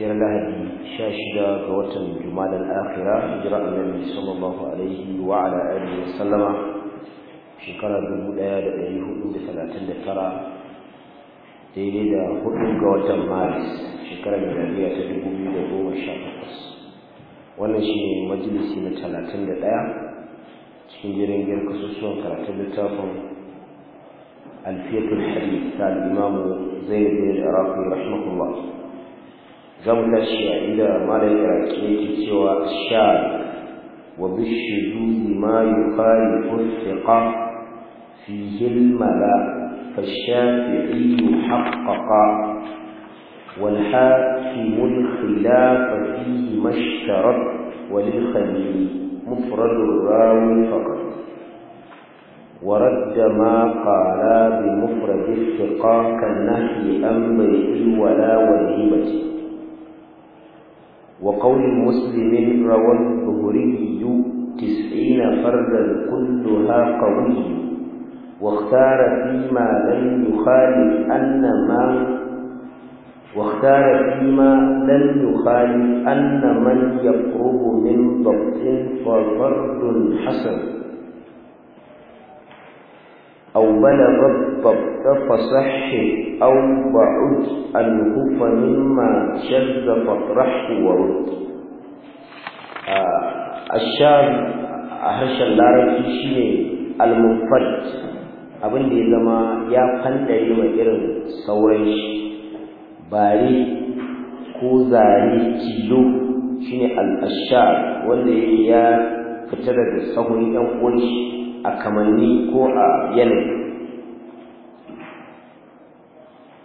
siyar lahadi sha shida ga watan juma'a al'akhira hijira annabi sallallahu alaihi wa ala alihi wa sallama shekarar dubu ɗaya da ɗari hudu da talatin da tara daidai da hudu ga watan maris shekarar miladiya ta dubu biyu da goma sha wannan shi ne majalisi na talatin da ɗaya cikin jirin gyar kasusuwan karatun littafin alfiyatul hadith ta al-imamu zaid bin iraqi rahimahullah zamu tashi a inda malam iraki yake cewa sha wa bishudu ma yukhalifu فالشافعي حقق والحاكم الخلاف فيه ما اشترط وللخليل مفرد الراوي فقط ورد ما قالا بمفرد الثقة كالنهي امره ولا والهبة وقول مسلم روى الظهري تسعين فردا كلها قوي واختار فيما لم يخالف أن ما واختار فيما لم يخالف أن من يقرب من ضبط ففرد حسن أو بلغ الضبط فصح أو بعد عنه فمما شذ فاطرح ورد الشاذ أهرش اللارب شيء المنفرد abin da ya zama ya fandare wa irin sauran shi bare ko zare tilo shine ne ashar wanda ya fita daga sahun ɗan uwan shi a kamanni ko a yanayi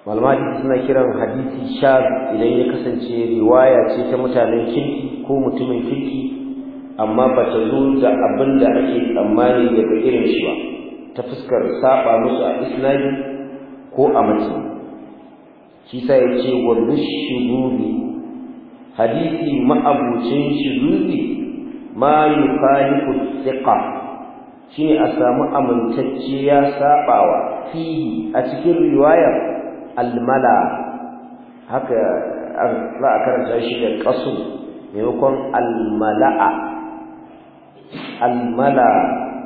malmati suna kiran hadisi shar idan ya kasance riwaya ce ta mutanen kirki ko mutumin kirki amma ba ta zo da abin da ake tsammani daga irin shi ba ta fuskar saɓa musu a islami ko a mace shi sa ya ce wa bishudubi hadisi ma'abucin shudubi ma yukhalifu kusurka shine a samu amintacce ya sabawa fihi a cikin riwayar almala haka za a karanta shi da kasu maimakon almala'a almala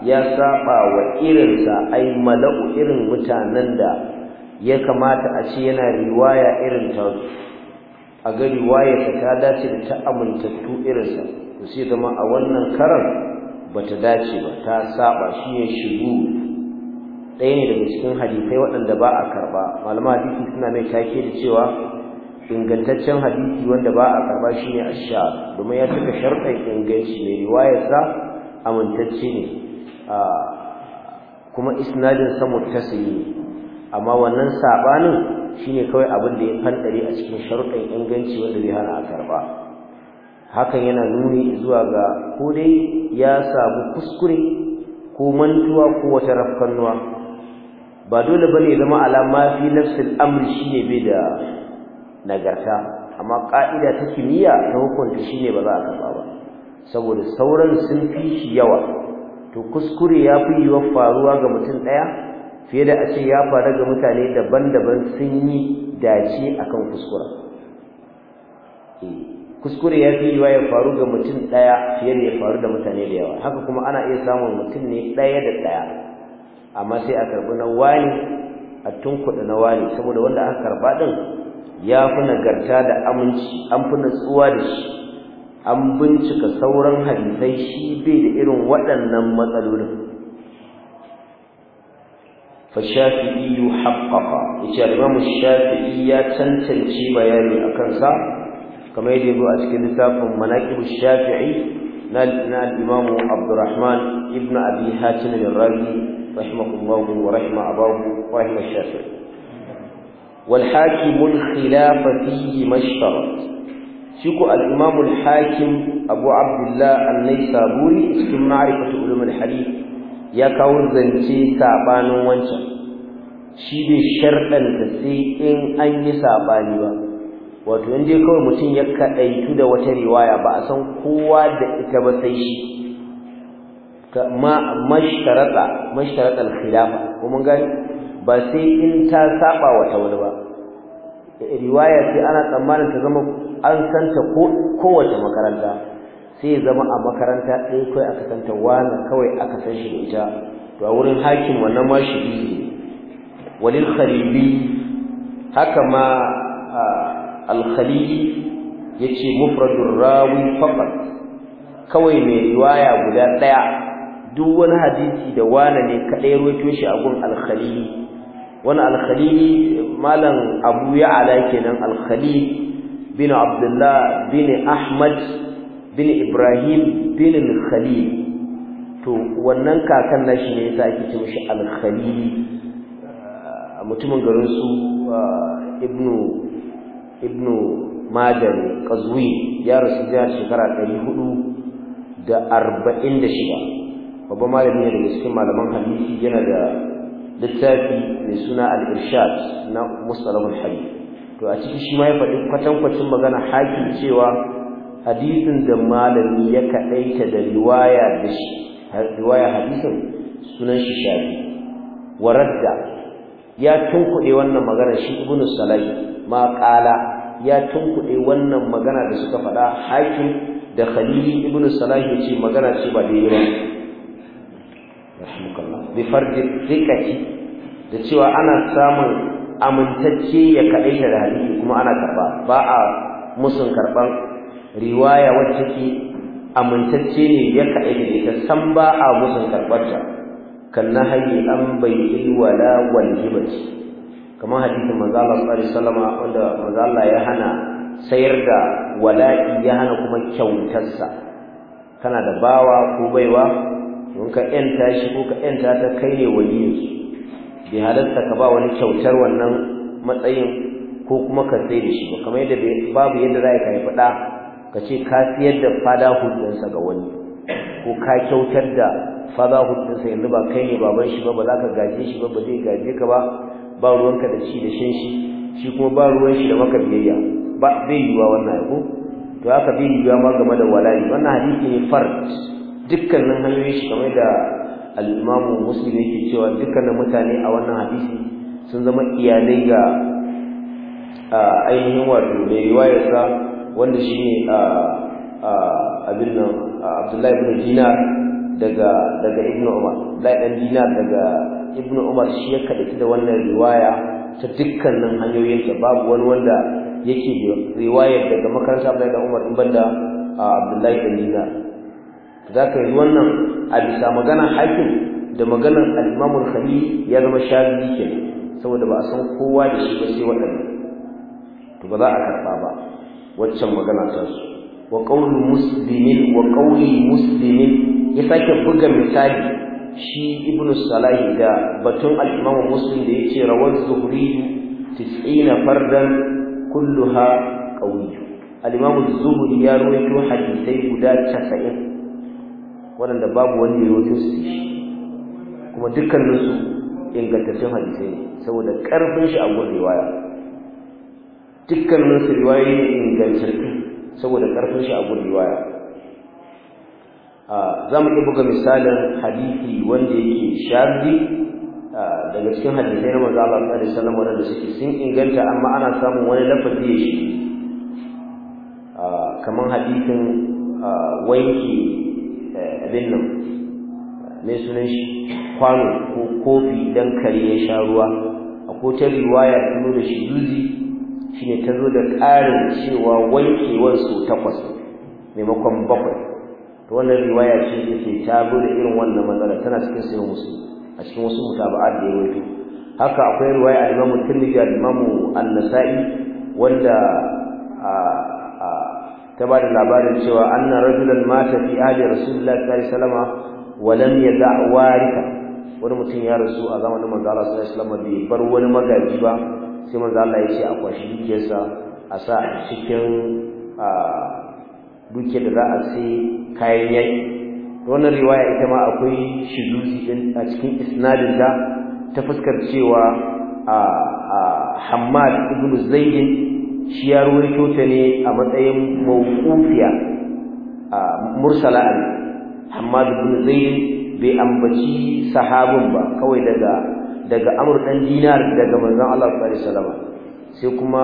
ya sabawa wa irinsa ai mala'u irin mutanen da ya kamata a ce yana riwaya irin ta a ga riwayarsa ta dace da ta amintattu irinsa to sai zama a wannan karan bata dace ba ta saba shi ne shiru ɗaya ne daga cikin hadisai waɗanda ba a karɓa malama hadisi suna mai take da cewa ingantaccen hadisi wanda ba a karɓa shi ne domin ya cika sharɗin inganci mai riwayarsa amintacce ne kuma isnadin sa muttasili amma wannan sabanin shine kawai abin da ya fandare a cikin sharuɗin inganci wanda zai hana a karɓa hakan yana nuni zuwa ga ko dai ya samu kuskure ko mantuwa ko wata rafkannuwa ba dole bane zama alama fi nafsil amr shine bai da nagarta amma ka'ida ta kimiyya ta hukunta shine ba za a kaba ba saboda sauran sun fi shi yawa to kuskure ya fi yiwa faruwa ga mutum ɗaya fiye da a ce ya faru ga mutane daban-daban sun yi dace akan kuskura. Eh. kuskure ya fi yiwa ya faru ga mutum ɗaya fiye da ya faru da mutane da yawa haka kuma ana iya samun mutum ne ɗaya da ɗaya amma sai a karɓi na wani a tunkuɗa na wani saboda wanda aka karɓa ɗin ya fi nagarta da aminci an fi natsuwa da shi an bincika sauran hadisai shi bai da irin waɗannan matsalolin fashafi'i haqqaqa yace al-imam shafi'i ya cancanci bayani a kansa. kamar yadda zo a cikin littafin manaqib shafi'i na al-imam Abdurrahman ibn Abi Hatim al-Razi rahimahullah wa rahima abahu wa rahima shafi'i wal hakim al-khilaf fihi mashtarat shi ko al-imam al-hakim Abu Abdullah an-Naisaburi cikin ma'rifatu ulum al-hadith ya kawo zance sabanin wancan shi bai sharɗanta sai in an yi sabani ba wato je kawai mutum ya kadaitu da wata riwaya ba a san kowa da ita ba sai shi ma mashtarata mashtarata al-khilafa ko mun gani ba sai in ta saba wa tawali ba riwaya sai ana tsammanin ta zama an santa ko kowace makaranta sai zama a makaranta ɗaya kawai aka santa wani kawai aka san shi da ita to a wurin hakim wannan ma shi ne walil khalibi haka ma ah, al-khalili yace mufradur rawi faqat kawai mai riwaya guda daya duk wani hadisi da wani ne kadai ruwaito shi a gun al-khalili wani al-khalili malam abu ya'ala kenan al-khalili bin abdullah bin ahmad bin ibrahim bin al-khalil to wannan kakan nashi ne yasa ake cewa shi al-khalili mutumin garin su ibnu ibnu madan qazwi ya rasu da shekara 446 babban malami ne daga cikin malaman hadisi yana da littafi mai suna al-irshad na mustalahul hadith to a cikin shi ma ya faɗi kwatankwacin magana hakim cewa hadisin da malami ya kaɗaita da riwaya da shi riwaya hadisin sunan shi shafi waradda ya tunkuɗe wannan magana shi ibnu salahi ma qala ya tunkuɗe wannan magana da suka faɗa hakim da khalili ibn salah yace magana ce ba daidai ba rahmukallah bi fardi thiqati da cewa ana samun amintacce ya kaɗai da hadisi kuma ana karba ba a musun karban riwaya wacce ke amintacce ne ya kaɗai da ita san ba a musun karbarta kan nahayi an bai wala wal hibati kamar hadisin manzo sallallahu alaihi wanda manzo ya hana sayar da wala'i ya hana kuma kyautarsa kana da bawa ko baiwa in ka yanta shi ko ka yanta ta kai ne waliyin su bai ka ba wani kyautar wannan matsayin ko kuma ka sai da shi ba kamar yadda babu yadda za ka yi fada? ka ce ka siyar da fada hudunsa ga wani ko ka kyautar da fada hudunsa yanzu ba kai ne baban shi ba ba za ka gaje shi ba ba zai gaje ka ba ba ruwanka da ci da shan shi shi kuma ba ruwan shi da maka biyayya ba bai yiwa wannan ko to haka bai yiwa ma game da walali. wannan hadisi ne fard dukkanin hanyoyin shi kamar da al-Imam Muslim yake cewa dukkanin mutane a wannan hadisi sun zama iyalai ga ainihin wato mai riwayarsa wanda shi a abin nan Abdullahi ibn Dinar daga daga Ibn Umar Abdullahi dan Dinar daga ibn umar shi ya kaɗaita da wannan riwaya ta dukkanin hanyoyin ta. babu wani wanda yake riwaya daga makaranta bai da umar in banda abdullahi da nina za yi wannan a bisa magana hakim da maganar al al khali ya zama shafi ke saboda ba a san kowa da shi ba sai waɗanda to ba za a karba ba waccan magana ta su wa qawlu muslimin wa qawli muslimin ya sake buga misali shi ibnu salahi da batun al-imam muslim da yake rawar zuhri 90 fardan kulluha qawi al-imam zuhri ya rawaito hadisai guda 90 wanda babu wanda ya rawaito su kuma dukkan su ingantaccen hadisai saboda karfin shi a gurin riwaya dukkanin su riwayoyi saboda karfin shi a gurin riwaya Ah, za mu iya buga misalin hadisi wanda yake shafi ah, daga cikin hadisai na manzo Allah sallallahu alaihi wasallam wanda suke sun inganta amma ana samun wani lafazi ya shi ah, kamar hadisin wanki eh, abin nan mai sunan shi kwano ko kofi dan kare ya sha ruwa a kotar riwaya ta da shi duzi shine ta zo da ƙarin cewa wankewar su takwas maimakon bakwai to wannan riwaya ce take ta da irin wannan matsala tana cikin sahih muslim a cikin wasu mutaba'at da ya wato haka akwai riwaya al-Imam Tirmidhi al-Imam An-Nasa'i wanda ta ba da labarin cewa anna rajulan mata fi ahli Rasulullah sallallahu alaihi wasallam wa lam yada' warika wani mutum ya rasu a zamanin manzo Allah sallallahu alaihi wasallam bai bar wani magaji ba sai manzo Allah ya ce a kwashi dukiyarsa a sa cikin duke da za a sai kayan yayi wannan riwaya ita ma akwai shiduzi din a cikin isnadin da ta fuskar cewa a Hammad ibn Zayd shi ya rawaito ta ne a matsayin mawqufiya a mursala al Hammad ibn Zayd bai ambaci sahabin ba kawai daga daga Amr dan Dinar daga manzon Allah sallallahu alaihi wasallam sai kuma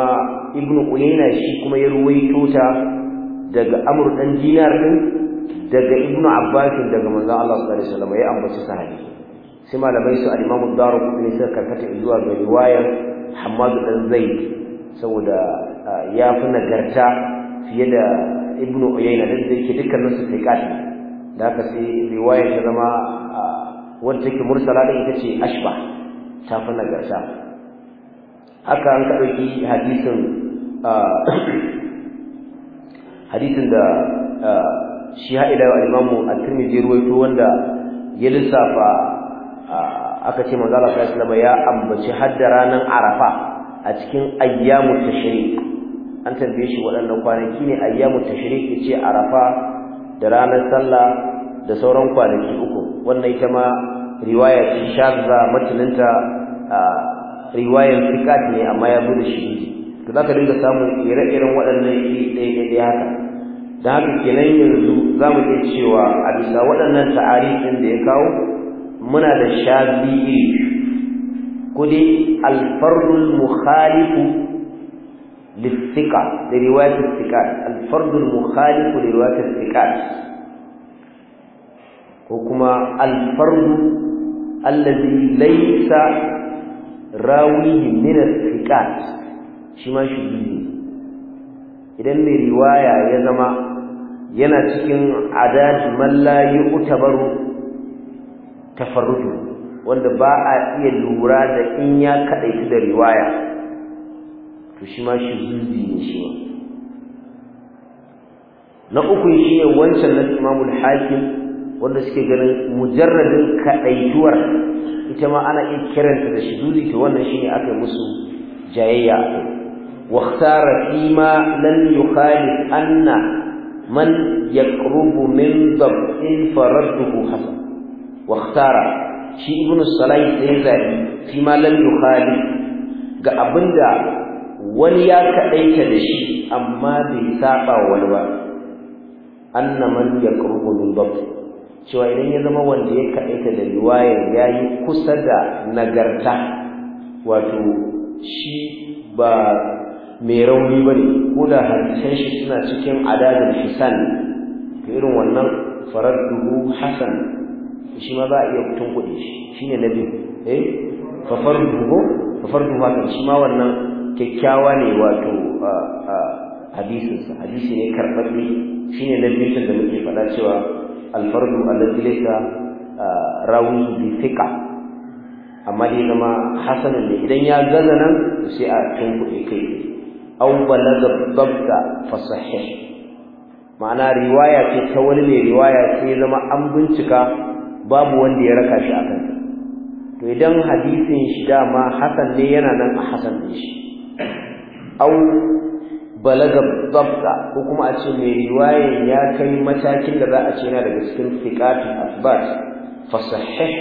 Ibn Uyayna shi kuma ya rawaito ta daga Amr dan Dinar din daga ibnu abbas daga manzo Allah sallallahu alaihi wasallam ya ambaci sahabi sai malamai su al-imam ad-darqutni suka karkata zuwa ga riwayar hammad dan zaid saboda ya nagarta fiye da ibnu uyayna da yake dukkanin su sai kati da haka sai riwayar ta zama wanda take mursala da ita ce ashba ta fi nagarta haka an ka dauki hadisin hadisin da shi ha ila al-imamu at-tirmidhi ruwaito wanda ya lissafa aka ce manzo Allah sallallahu alaihi ya ambaci hadda ranan arafa a cikin ayyamu tashriq an tambaye shi waɗannan kwanaki ne ayyamu tashriq yace arafa da ranar sallah da sauran kwanaki uku wannan ita ma riwaya ce shazza mataninta riwayar fiqat ne amma ya bude da shi to zaka dinga samun ire-iren waɗannan iri ɗaya ɗaya haka da haka kenan yanzu za mu iya cewa a bisa waɗannan ta'arifin da ya kawo muna da sha biyu ko dai alfarrul mukhalifu lissika da riwayat lissika alfarrul mukhalifu da riwayat ko kuma alfarru allazi laysa rawihi min al shi ma shi idan mai riwaya ya zama yana cikin adad mallayi utabaru yu'tabaru tafarruju wanda ba a iya lura da in ya kadaitu da riwaya to shi ma zuzi ne shi na uku shi ne wancan na Imamul Hakim wanda suke ganin mujarradin kadaituwar ita ma ana iya kiranta da shi zuzi to wannan shi ne aka musu jayayya واختار فيما lan yukhalif anna man yaqrubu min dhab'in faradduhu hasan wa ikhtara shi ibn salih sai zabi fi ma lam yukhali ga abinda wani ya kadaita da shi amma bai saba wani ba anna man yaqrubu min dhab'in cewa idan ya zama wanda ya kaɗaita da riwayar ya yi kusa da nagarta wato shi ba mai rauni ba ne ko da hadisan shi suna cikin adadin hisan to irin wannan farar dubu hasan shi ma za a iya kutun kuɗi shi ne na biyu eh fafar dubu fafar dubu haka shi ma wannan kyakkyawa ne wato hadisinsa hadisi ne karɓar ne, shi ne na biyu da muke faɗa cewa alfardu allazi laysa rawi bi thiqa amma dai zama hasanan ne idan ya gaza nan sai a tunkuɗe kai aw balaga dabta fa sahih ma'ana riwaya ce ta wani mai riwaya ce zama an bincika babu wanda ya raka shi akan to idan hadisin shi dama hasan ne yana nan a hasan ne shi aw balaga ko kuma a ce mai riwaya ya kai matakin da za a ce yana daga cikin fiqatu asbat fa sahih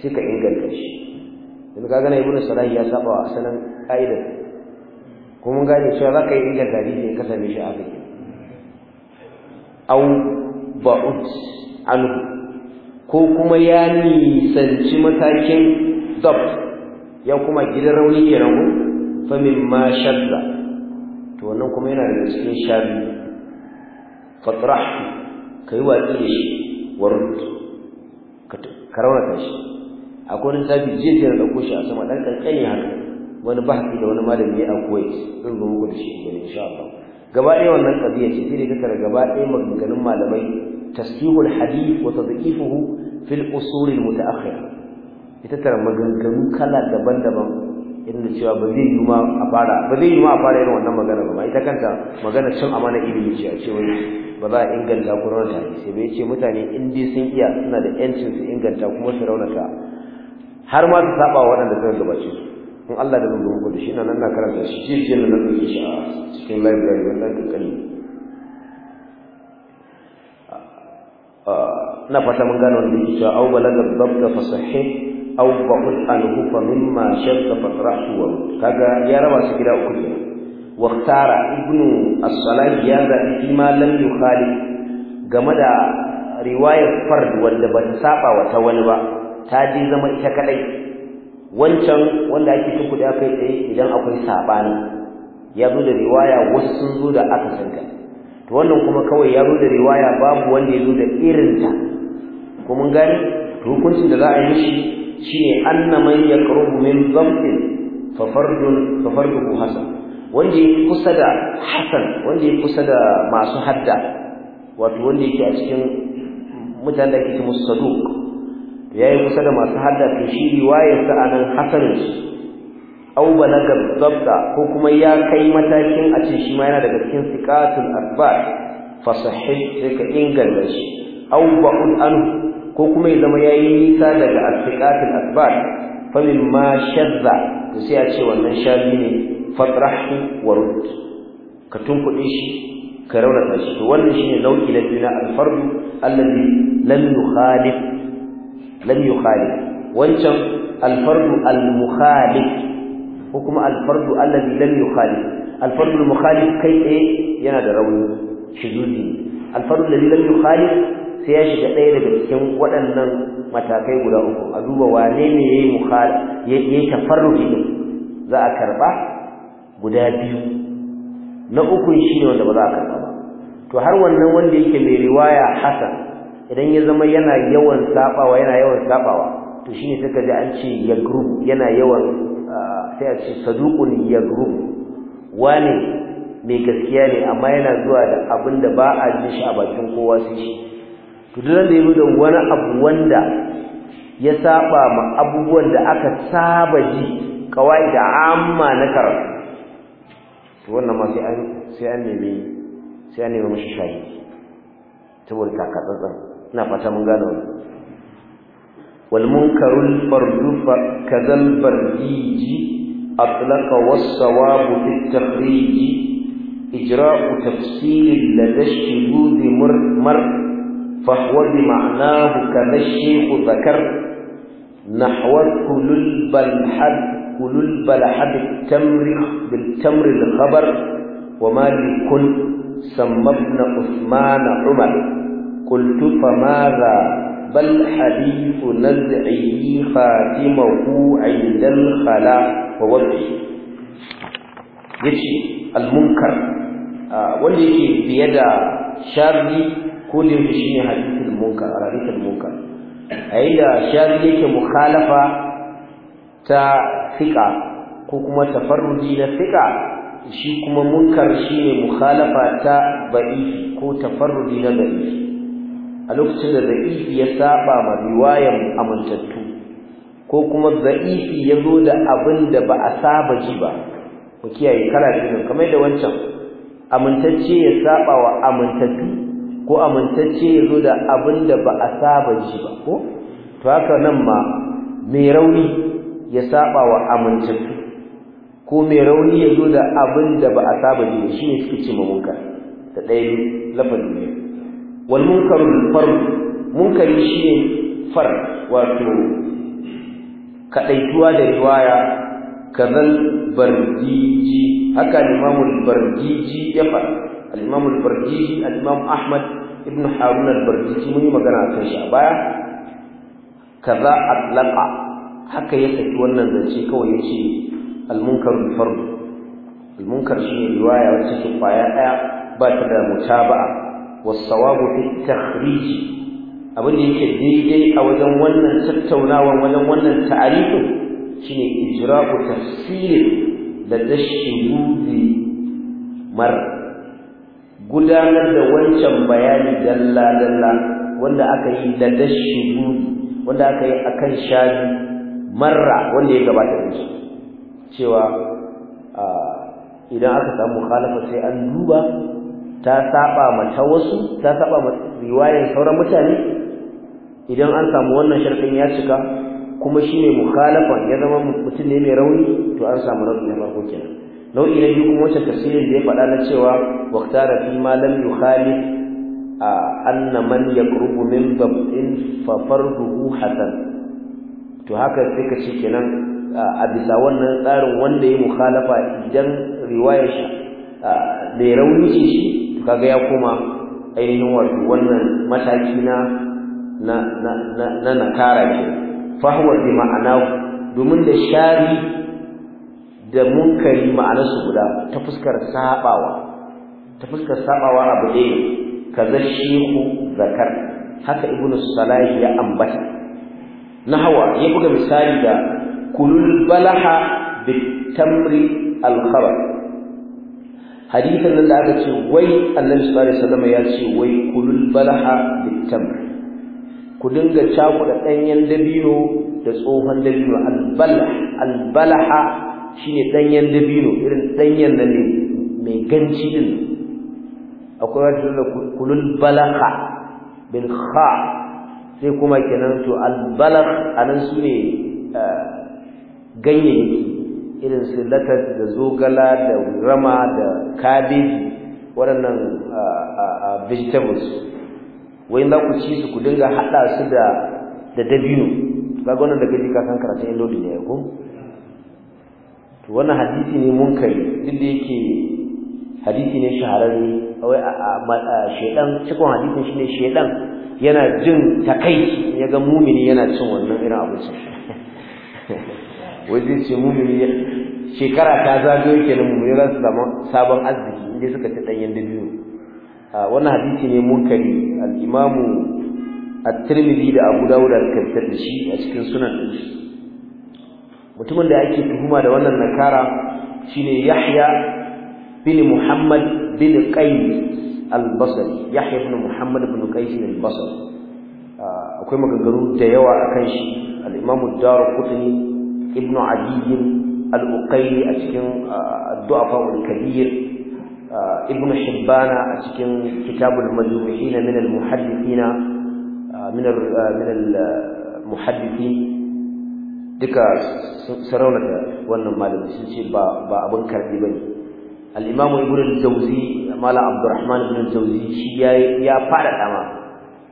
suka inganta shi yanzu kaga na ibnu ya saba wa asalin ka'idar ko mun gane cewa za ka yi inda gari ne ka same shi a kai au ba'ut anu ko kuma ya nisanci matakin zab ya kuma gidan rauni nan ko fa ma shadda to wannan kuma yana da cikin shabi fatrah kai wa da shi warud ka raunata shi akwai wani sabi jiya da na shi a sama dan kankani haka wani bahasi da wani malami ya koyi zan zo muku da shi gobe insha Allah gaba ɗaya wannan qadiya ce sai ka tara gaba ɗaya maganganun malamai tasihul hadith wa tadhifuhu fil usul al mutaakhira ita tara maganganu kala daban-daban inda cewa ba zai yi ma a fara ba zai yi ma a fara irin wannan magana ba ita kanta magana cin amana ilimi ce a cewa ba za a inganta ku raunata sai bai ce mutane in dai sun iya suna da yancin su inganta kuma su raunata har ma su saba waɗanda suka gabace su in Allah da zan zo da shi nan na karanta shi shi na shi a cikin library wanda na fata mun gano da yake au balaga dabta fasahih au ba'ud anhu fa mimma wa kaga ya raba su gida uku ne waktara ibnu as-salah ya ga ma lam yukhali game da riwayar fard wanda ba ta saba wa ta wani ba ta ji zama ita kadai wancan wanda ake tunkuɗe kai tsaye idan akwai saɓani ya zo da riwaya wasu sun zo da aka akasinka to wannan kuma kawai ya zo da riwaya babu wanda ya zo da irinta ko mun To hukuncin da za a yi shi shine anna man yaqrubu min dhamtin fa fardun fa farduhu hasan wanda ya kusa da hasan wanda ya kusa da masu hadda wato wanda yake a cikin mutanen da ake musu saduq yayi kusa da masu hadda to shi riwayar sa anan hasarin su aw balaga dabta ko kuma ya kai matakin a ce shi ma yana daga cikin siqatul akbar fa sai ka inganta shi aw ba'ud anhu ko kuma ya zama yayi nisa daga as-siqatul akbar fa mimma shadda to sai a ce wannan shari ne fatrahu wa rudd ka tunkuɗe shi ka raunata shi to wannan shine nau'i na biyu na al-fard alladhi lam yukhalif lam yukhalif wancan alfardu almukhalif ko kuma alfardu alladhi lam yukhalif alfardu almukhalif kai tsaye yana da rauni shuzuzi alfardu alladhi lam yukhalif sai ya shiga ɗaya daga cikin waɗannan matakai guda uku a duba wane ne yayi mukhalif yayi tafarruji za a karba guda biyu na uku shine wanda ba za a karba ba to har wannan wanda yake mai riwaya hasan idan ya zama yana yawan sabawa yana yawan sabawa to shine suka ji an ce ya group yana yawan sai a ce saduqun ya group Wani mai gaskiya ne amma yana zuwa da abinda ba a ji shi a bakin kowa sai shi to duk da yayi da wani abu wanda ya saba ma abubuwan da aka saba ji kawai da amma na karatu to wannan ma sai an sai an nemi sai an nemi mishi shayi saboda takatsantsan ina fata mun gane wannan wal munkarul fardu fa kadal bardiji atlaqa was sawabu fi takhrij إجراء تفسير لدى الشذوذ مر, مر فهو بمعناه كما الشيخ ذكر نحو كلل بالحد كل البلحد التمر بالتمر الخبر وما لكن سمى ابن عثمان عمر قلت فماذا بل حديث نزعي خاتمه عند الخلاء ووضعي يجي المنكر wanda yake biye da sharri ko da yake ne hadisul munkar a munkar a yi yake mukhalafa ta fiƙa ko kuma tafarruji na fiƙa shi kuma munkar shine ne ta ba'i ko tafarruji na ba'i a lokacin da za'ifi ya saba ma riwayan amintattu ko kuma za'ifi ya zo da abin da ba a saba ji ba ku kiyaye kana cikin kamar da wancan amintacce ya saba wa amintattu ko amintacce ya zo da abin da ba a saba ji ba ko to haka nan ma mai rauni ya saba wa amintattu ko mai rauni ya zo da abin da ba a saba ji ba shi ne suke ce ma munkar da ɗaya lafazin ne wal munkarul fard munkari shine far, wato kadaituwa da riwaya kazal bardiji haka al-imam bardiji ya fara al-imam al-bardiji al-imam ahmad ibn harun al-bardiji mun yi magana akan shi a baya kaza atlaqa haka ya saki wannan zance kawai yace al-munkarul fard al-munkar shine riwaya wacce ke kwaya daya ba ta da mutaba'a wasawabu fi takhrij abin da yake daidai a wajen wannan tattaunawar wajen wannan ta'arifin shine ijra'u tafsir da tashhudi mar gudanar da wancan bayani dalla dalla wanda aka yi da tashhudi wanda aka yi akan shadi marra wanda ya gabata da shi cewa ah, idan aka samu khalafa sai an duba ta saba ma ta wasu ta saba ma riwayar sauran mutane idan an samu wannan sharɗin ya cika kuma shine mukhalafa ya zama mutum ne mai rauni to an samu rauni na farko kenan nau'i na biyu kuma wacce tafsirin da ya faɗa na cewa waqtara fi ma lam yukhalif anna man yaqrubu min babin fa farduhu hasan to haka sai ka ce kenan a bisa wannan tsarin wanda ya mukhalafa idan riwayar shi mai rauni ce shi kaga ya koma ainihin wato wannan mataki na na na na nakara ke fahuwa bi ma'ana domin da shari da munkari ma'anar su guda ta fuskar sabawa ta fuskar sabawa abu ɗaya kaza shehu zakar haka ibnu Salah ya ambata Na hawa ya buga misali da kulul balaha tamri al khabar hadisin nan da aka ce wai annabi sallallahu alaihi wasallam ya ce wai kulul balaha bitamr ku dinga da danyen dabino da tsohon dabino al balaha shine danyen dabino irin danyen nan ne mai ganci din akwai wata da kulul balaha bil kha sai kuma kenan to balah anan su ne eh, ganyayyaki irin su latas da zogala da rama da kabeji waɗannan vegetables wai za ku ci su ku dinga haɗa su da da dabino ba wannan da gaji ka san karatun iloli ne ko to wannan hadisi ne mun kai. duk da yake hadisi ne shahararri. wai shaidan cikin hadisin ne shaidan yana jin takaici ga mumini yana cin wannan irin abincin wai zai ce mumini shekara ta zagayo kenan mumini za su sabon arziki inda suka ci ɗanyen biyu. wannan hadisi ne munkari al-imamu at-tirmidhi da abu dawud al da shi a cikin sunan shi. mutumin da ake tuhuma da wannan nakara shine yahya bin muhammad bin qais al-basri yahya bin muhammad bin qais al-basri akwai maganganu da yawa akan shi al-imamu ad ibnu adiy al-uqayli a cikin duafa al-kabir ibnu shibbana a cikin kitabul majmuhin min al-muhaddithina min min duka saraunata wannan malami sun ce ba ba abin karbi bane al-imamu ibnu al-jawzi malam abdurrahman ibnu al-jawzi shi ya fara dama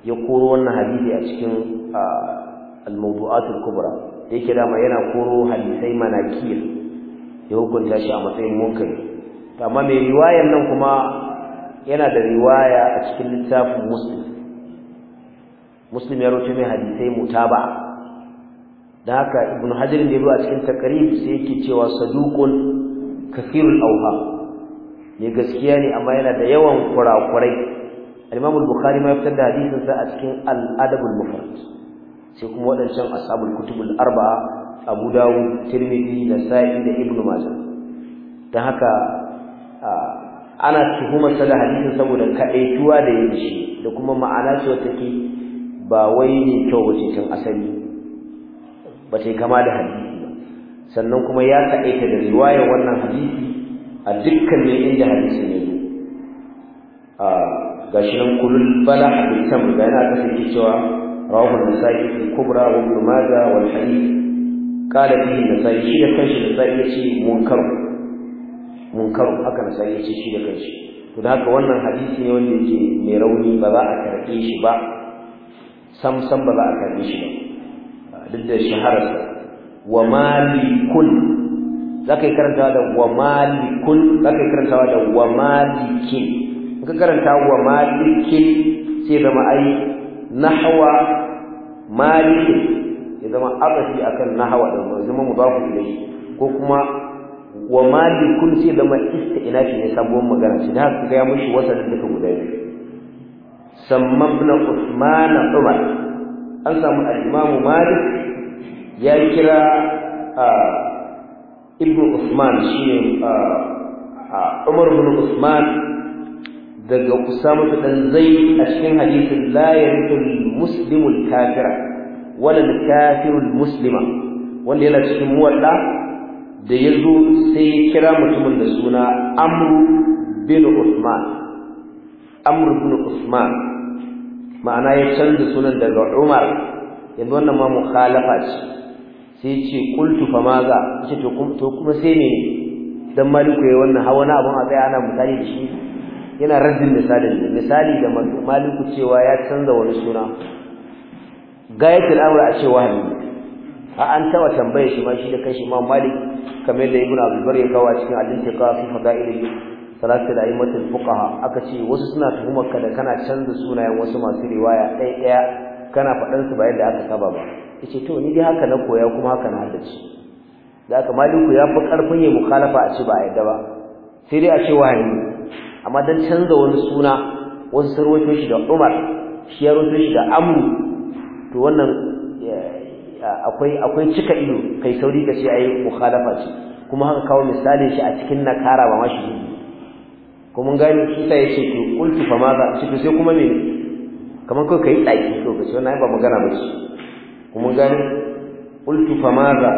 ya koro wannan hadisi a cikin al-mawdu'at kubra da yake dama yana koro hadisai manakir ya hukunta shi a matsayin munkari amma mai riwayar nan kuma yana da riwaya a cikin littafin muslim muslim ya rute mai hadisai mutaba da haka ibnu hajar ne a cikin takarif sai yake cewa sadukun kafirul auha Mai gaskiya ne amma yana da yawan kurakurai al-imam al-bukhari ma ya fitar da hadisin a cikin al-adab sai kuma waɗancan ashabul kutubul arba'a Abu Dawud Tirmidhi da Sa'i da Ibn Majah dan haka ana tuhumar sala da hadisin saboda kaɗaituwa da yanci da kuma ma'ana ce wata ke ba wai ne kyau wace tun asali ba ta kama da hadisi ba sannan kuma ya kaɗaita da riwayar wannan hadisi a dukkan ne inda hadisi ya zo gashi nan kulul bala hadin ga yana kasance cewa رواه النسائي في الكبرى وابن ماجه والحديث قال فيه النسائي شيء كنشي النسائي يشي منكر منكر هكا النسائي يشي شيء كنشي to da haka wannan hadisi ne wanda yake mai rauni ba za a karɓe shi ba sam sam ba za a karɓe shi ba duk da shahararsa wa malikun za ka yi karantawa da wa malikun za ka yi karantawa da wa malikin in ka karanta wa malikin sai zama ai nahwa malik ya zama akashi akan nahwa da zama mudafu ilayhi ko kuma wa malikun sai zama istinafi ne sabon magana shi da haka ya mushi wasa da duka guda biyu samman ibn usman umar an samu al-imamu malik ya kira ibn usman shi ne umar ibn usman daga Usama dan Zaid a cikin hadisin la yarithul muslimul kafira wala kafirul muslima wanda yana cikin muwadda da yazo sai ya kira mutumin da suna Amru bin Uthman Amru bin Uthman ma'ana ya canza sunan daga Umar yanzu wannan ma mukhalafa ce sai ce qultu fa maza sai to kuma sai ne dan maliku yayi wannan hawa na abun a tsaya ana misali da shi yana raddin misalin misali da maliku cewa ya canza wani suna gayatul amr a ce wahayi a an taba tambaye shi ma shi da shi ma malik kamar da ibnu abdul ya kawo a cikin al ka fi fadail salatu da aimatul fuqaha aka ce wasu suna tuhumar ka da kana canza sunayen wasu masu riwaya ɗaya ɗaya kana faɗan su ba yadda aka saba ba yace to ni dai haka na koya kuma haka na haddace da aka maliku ya fi karfin ya mukhalafa a ce ba yadda ba sai dai a ce wahayi amma dan canza wani suna wani sarwato shi da Umar shi ya roto shi da Amru to wannan akwai akwai cika ido kai sauri kace ai mukhalafa ce kuma haka kawo misali shi a cikin nakara ba ma shi ko mun gani shi sai yace to qultu fa maza shi sai kuma me kamar kai kai tsaki to kace wannan ba magana ba ce kuma mun gani qultu fa maza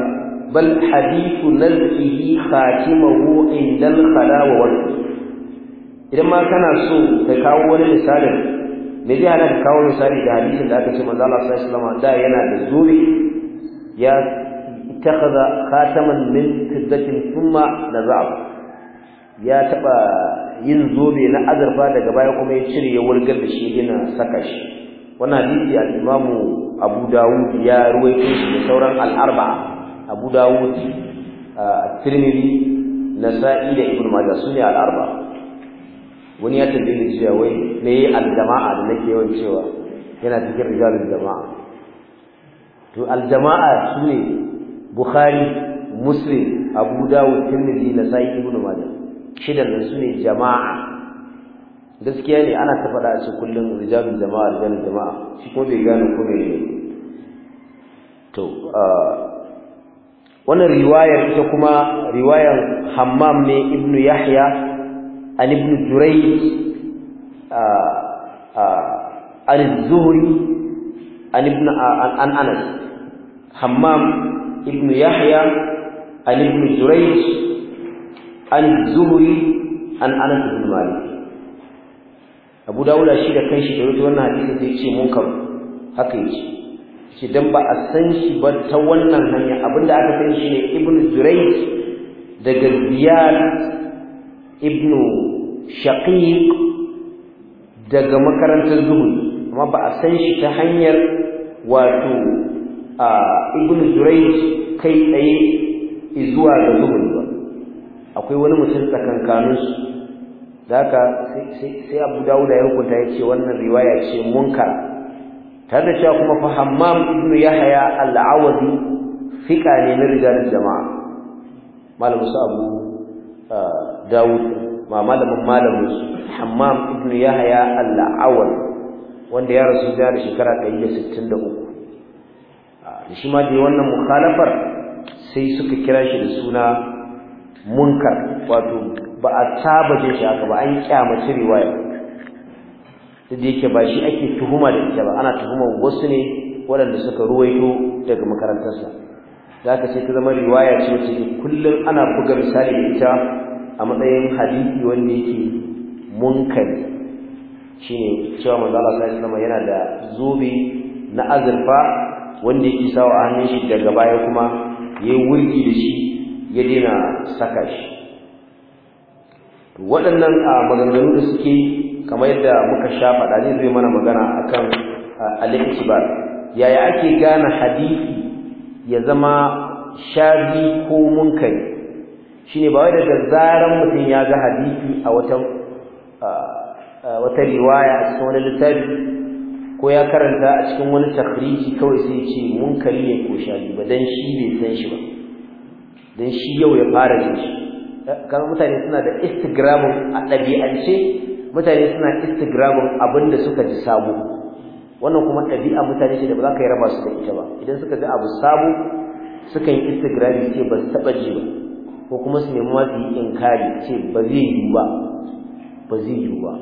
bal hadithu nazhi khatimahu indal khala wa wal idan ma kana so ka kawo wani misalin me zai hana ka kawo misali da hadisin da aka ce manzo Allah sallallahu alaihi wasallam da yana da zuri ya takaza khataman min fiddatin thumma naza'ahu ya taba yin zobe na azurfa daga baya kuma ya cire ya wurgar da shi yana saka shi wannan hadisi al imamu Abu Dawud ya ruwaito shi da sauran al-arba'a Abu Dawud uh, Tirmidhi Nasa'i da Ibn Majah sunne al-arba'a wani ya tambaye ni cewa wai me yi aljama'a da nake yawan cewa yana cikin rijalul jama'a to aljama'a shine bukhari muslim abu dawud tirmidhi nasai ibnu majah shidan nan sune jama'a gaskiya ne ana ta faɗa a cikin kullum rijalul jama'a rijalul jama'a shi ko bai gane ko bai ne to wannan riwayar ita kuma riwayar hammam ne ibnu yahya an ibn jurayj an zuhri an ibn anas hammam ibn yahya an ibn jurayj an zuhri an anas ibn malik abu dawuda shi da kanshi da wato wannan hadisi sai ce mun munkar haka yake shi dan ba a san shi ba ta wannan hanya abinda aka san shi ne Ibn zurayj daga ziyad ibnu shaqiq daga makarantar zuhud amma ba a san shi ta hanyar wato a ibnu jurayj kai tsaye zuwa ga zuhud ba akwai wani mutum tsakankanin su da haka sai abu dawuda ya hukunta ya ce wannan riwaya ce munkar tare da cewa kuma fa hammam ibnu Yahaya, al-awadi fika ne na rigar jama'a malamin su abu Dawud ma malamin malamin su Hammam ibn Yahya al-Awwal wanda ya rasu da shekara 163 ah, shi ma dai wannan mukhalafar sai suka kira shi da suna munkar wato ba a saba jin shi haka ba an kyamace riwaya da yake ba shi ake tuhuma da ita ba ana tuhumar wasu ne waɗanda suka ruwaito daga makarantarsa Za ka ce ta zama riwaya ce wacce kullum ana buga misali da ita a matsayin hadisi wanda yake munkari ne cewa manzo sai sallallahu yana da zobe na azurfa wanda yake sawa a hannun shi daga baya kuma ya yi wurgi da shi ya daina saka shi waɗannan a maganganu da suke kamar yadda muka sha faɗa ne zai mana magana akan al-ikhtibar yaya ake gane hadisi ya zama shabi ko munkari shine ba wai daga zaran mutum ya ga hadisi a wata wata riwaya a cikin wani littafi ko ya karanta a cikin wani takhriji kawai sai ce munkari ya ko shari ba dan shi bai san shi ba dan shi yau ya fara yin shi kan mutane suna da instagramin a ɗabi'ance mutane suna abin abinda suka ji sabo wannan kuma ɗabi'a mutane ce da ba za ka yi raba su da ita ba idan suka ji abu sabo sukan yi instagrami sai ba su taɓa ji ba ko kuma su nemi wasu yi inkari ce ba zai yiwu ba ba zai yiwu ba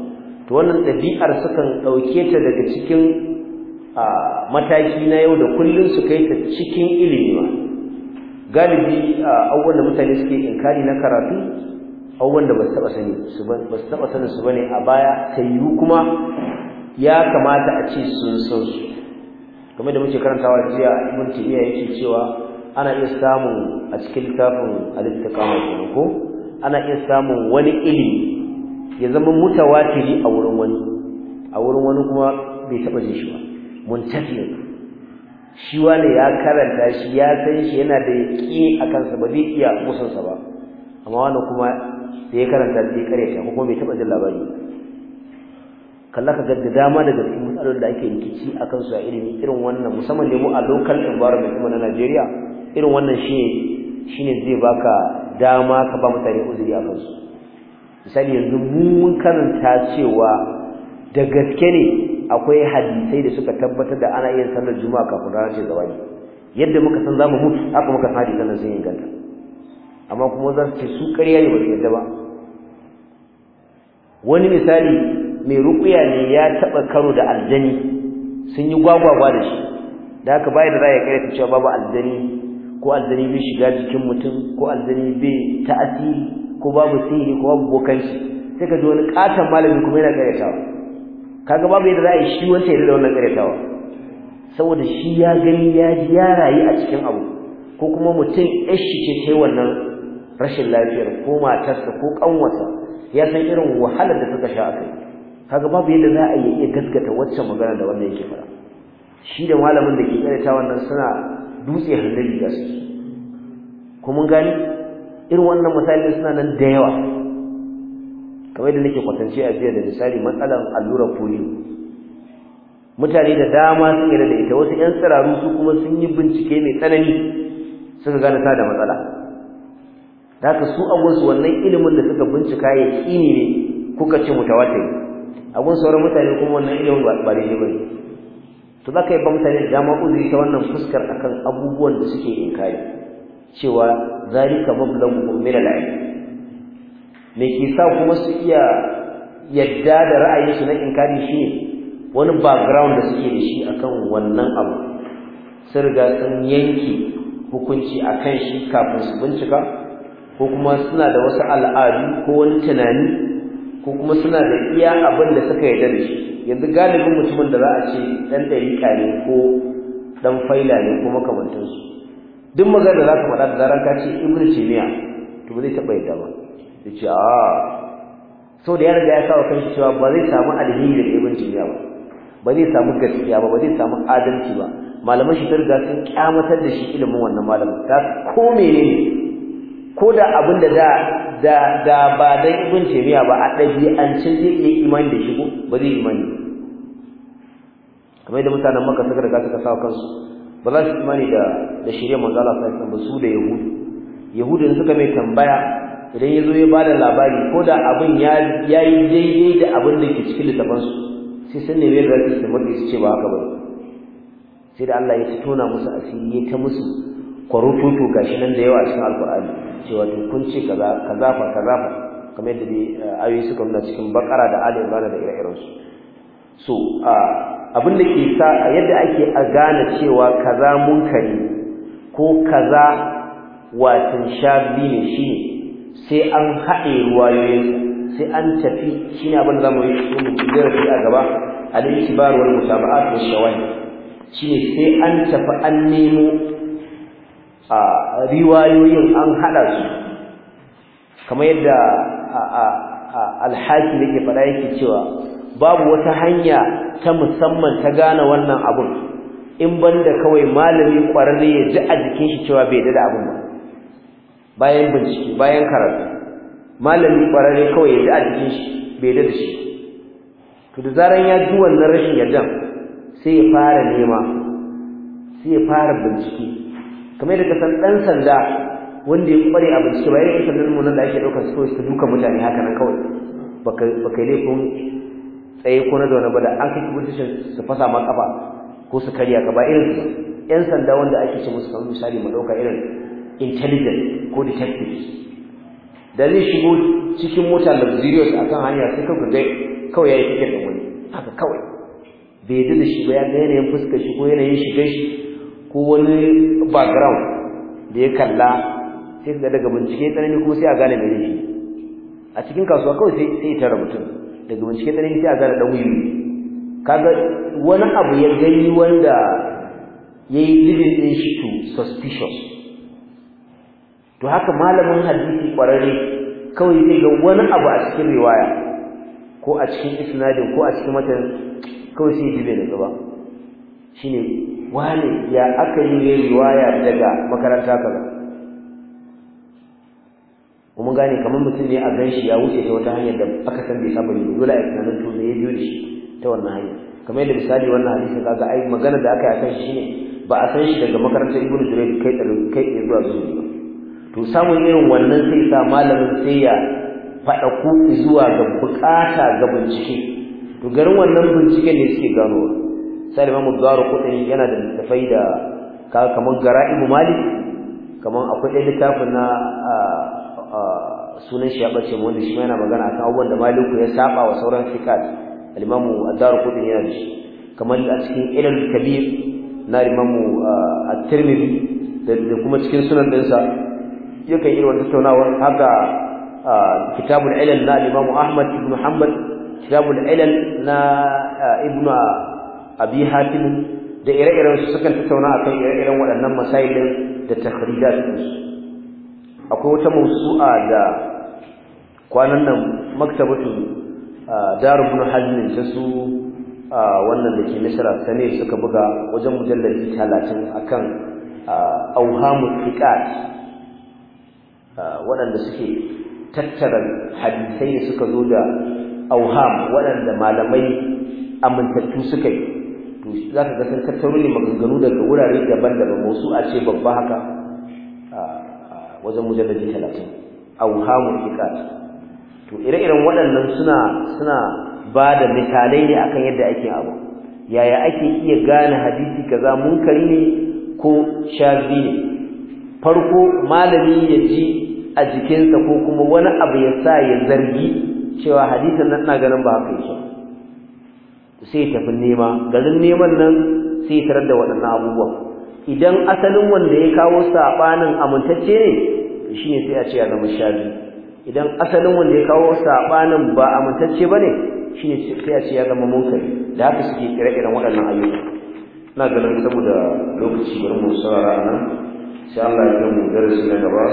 to wannan ɗabi'ar sukan ɗauke ta daga cikin mataki na yau da kullum su kai ta cikin ilimi ba galibi a abubuwan da mutane suke inkari na karatu abubuwan da ba su taɓa sani ba su bane a baya ta yiwu kuma ya kamata a ce sun san su game da muke karantawa jiya ibn taymiya yake cewa ana iya samun a cikin littafin al ko ana iya samun wani ilimi ya zama mutawatiri a wurin wani a wurin wani kuma bai taba jin shi ba muntafi shi wani ya karanta shi ya san shi yana da yaki a kansa ba zai iya musansa ba amma wani kuma da ya karanta zai kare ta kuma bai taba jin labari kalla ka ga dama daga cikin matsalolin da ake rikici a su a ilimi irin wannan musamman ne mu a local environment kuma na Najeriya irin wannan shi ne zai baka dama ka ba mutane uzuri a kansu misali yanzu mun karanta cewa da gaske ne akwai hadisai da suka tabbatar da ana iya sallar juma'a kafin ranar ce gaba yadda muka san zamu mutu haka muka san hadisan nan sun inganta amma kuma za su ce su ƙarya ne ba su yadda ba wani misali mai ruƙuya ne ya taɓa karo da aljani sun yi gwagwagwa da shi da haka bayan da za a ya ƙarfi cewa babu aljani ko aljani bai shiga jikin mutum ko aljani bai ta'asiri ko babu sihiri ko babu bokanci sai ka ji wani katon malami kuma yana karyatawa kaga babu yadda za a yi shi wanda ya wannan karyatawa saboda shi ya gani ya ji ya rayu a cikin abu ko kuma mutum ya shi ce wannan rashin lafiyar ko matarsa ko kanwarsa ya san irin wahalar da suka sha a kai kaga babu yadda za a iya gasgata waccan magana da wannan yake fara shi da malamin da ke karyata wannan suna dutse hannun riga su, kuma mun gani irin wannan misali suna nan da yawa kamar da nake kwatance a jiya da misali matsalar allurar polio mutane da dama sun yarda da ita wasu 'yan tsiraru su kuma sun yi bincike mai tsanani suka gane ta da matsala da haka su abunsu wannan ilimin da suka bincika ya ne kuka ce mutawatir abun sauran mutane kuma wannan ilimin ba daidai ba ne to zaka ka yi ba da dama uzuri ta wannan fuskar akan abubuwan da suke inkari cewa zalika mablagu min al-ilm me ke sa kuma su iya yadda da ra'ayinsu na inkari shi wani background da suke da shi akan wannan abu sun riga sun yanke hukunci akan shi kafin su bincika ko kuma suna da wasu al'adu ko wani tunani ko kuma suna da iya abin da suka yarda da shi yanzu galibin mutumin da za a ce dan ɗariƙa ne ko dan faila ne ko makamantansu duk magana da za ka faɗa da zaran ka ce ibnu taymiya to ba zai taɓa yi ba ya ce a sau da ya riga ya kawo kanshi cewa ba zai samu alhiri da ibnu jimiya ba ba zai samu gaskiya ba ba zai samu adalci ba malaman shi ta riga sun kyamatar da shi ilimin wannan malamin ta ko menene ko da abin da da da ba dan ibn taymiya ba a dabi'ancin zai iya imani da shi ba zai imani kamar da mutanen maka suka riga suka sa kansu ba za su imani da da shirye manzo Allah sai alaihi su da yahudu yahudu suka mai tambaya idan yazo ya bada labari ko da abin ya yayi daidai da abin da ke cikin littafansu sai sun nemi rarrafi da mutum su ce ba haka ba sai da Allah ya tona musu asiri ya ta musu kwarututu gashi nan da yawa a cikin alkur'ani cewa to kun ce kaza kaza fa kaza fa kamar yadda dai eh, ayoyi suka nuna cikin bakara da ali imran da ire irinsu. so abin da ke sa yadda ake a gane cewa kaza munkari ko kaza watan shabi ne shi sai an haɗe ruwayoyin sai an tafi Shi ne abin da zamu yi mu darasi a gaba al-ikhbar wal mutaba'at wa shawahid ne sai an tafi an nemo a riwayoyin an hada su kamar yadda alhaki ne ke fada yake cewa babu wata hanya ta musamman ta gane wannan abun in banda kawai malami kwararre ya ji a jikin shi cewa bai da abun ba bayan bincike bayan karatu malami kwararre kawai ya ji a jikin shi bai da shi to da zaran ya ji wannan rashin yardan sai ya fara nema sai ya fara bincike kamar yadda kasan ɗan sanda wanda ya kware a bincike bayan yan sandan mu nan da ake ɗaukar su su duka mutane haka nan kawai baka yi laifin tsaye ko na zaune ba da an kai competition su fasa ma kafa ko su karya ka ba irin yan sanda wanda ake ce musu kamar misali mu ɗauka irin intelligent ko detective da zai shigo cikin mota luxurious a kan hanya sai kawai dai kawai ya yi tiket da wani haka kawai bai yi da shi ba ya ga yanayin fuskar shi ko yanayin shigar shi ko wani background da ya kalla sai ga daga bincike tsanani kuma sai a gane mene ne a cikin kasuwa kawai sai sai tara mutum daga bincike tsanani sai a gane dan wuyi kaga wani abu ya gani wanda yayi didin din shi to suspicious to haka malamin hadisi kwararre kawai sai ga wani abu a cikin riwaya ko a cikin isnadin ko a cikin matan kawai sai dibe da gaba shine wani ya aka yi riwaya daga makaranta kaza kuma gane kamar mutum ne a ganshi ya wuce ta wata hanyar da aka san bai saba yi dole a tunanin to ne ya biyo da shi ta wannan hanyar kamar yadda misali wannan hadisin kaga ai magana da aka yi akan shi ne, ba a san shi daga makarantar ibnu jurayj kai kai zuwa zuwa ba to samun irin wannan sai sa malamin sai ya faɗa ku zuwa ga bukata ga bincike to garin wannan binciken ne suke ganowa sai Imam Daruqutni yana da littafai da ka kaman Gara'ib Malik kaman akwai ɗan littafin na sunan shi ya bace wanda shi yana magana akan abubuwan da Maliku ya saba wa sauran fiqat Imam Daruqutni yana da shi kaman a cikin Ilal Kabir na Imam At-Tirmidhi da kuma cikin sunan ɗinsa yakan yi wannan tattaunawa haka kitabul ilal na Imam Ahmad ibn kitabul ilal na ibn abi hatim da ire-iren su sukan tattauna akan ire-iren waɗannan masailin da takhrijat su akwai wata mawsu'a da kwanan nan maktabatu darubun hazmin ta su wannan da ke misra sane suka buga wajen mujallar 30 akan auhamul fiqat waɗanda suke tattara hadisai da suka zo da auham waɗanda malamai amintattu suka yi to za ka ga sun maganganu daga wurare daban-daban wasu a ce babba haka wajen mujalladi talatin auhamu ikat to ire-iren waɗannan suna suna ba da misalai ne akan yadda ake abu yaya ake iya gane hadisi kaza munkari ne ko shazi ne farko malami ya ji a jikinsa ko kuma wani abu ya sa ya zargi cewa hadisin nan na ganin ba haka yake sai tafi nema garin neman nan sai tarar da waɗannan abubuwa idan asalin wanda ya kawo saɓanin amintacce ne shine sai a ce ya zama idan asalin wanda ya kawo saɓanin ba amintacce ba bane shine sai a ce ya zama munkari da haka suke kire-kiren waɗannan ayyuka ina ganin saboda lokaci bari mu saurara nan sai Allah ya mu darasi na gaba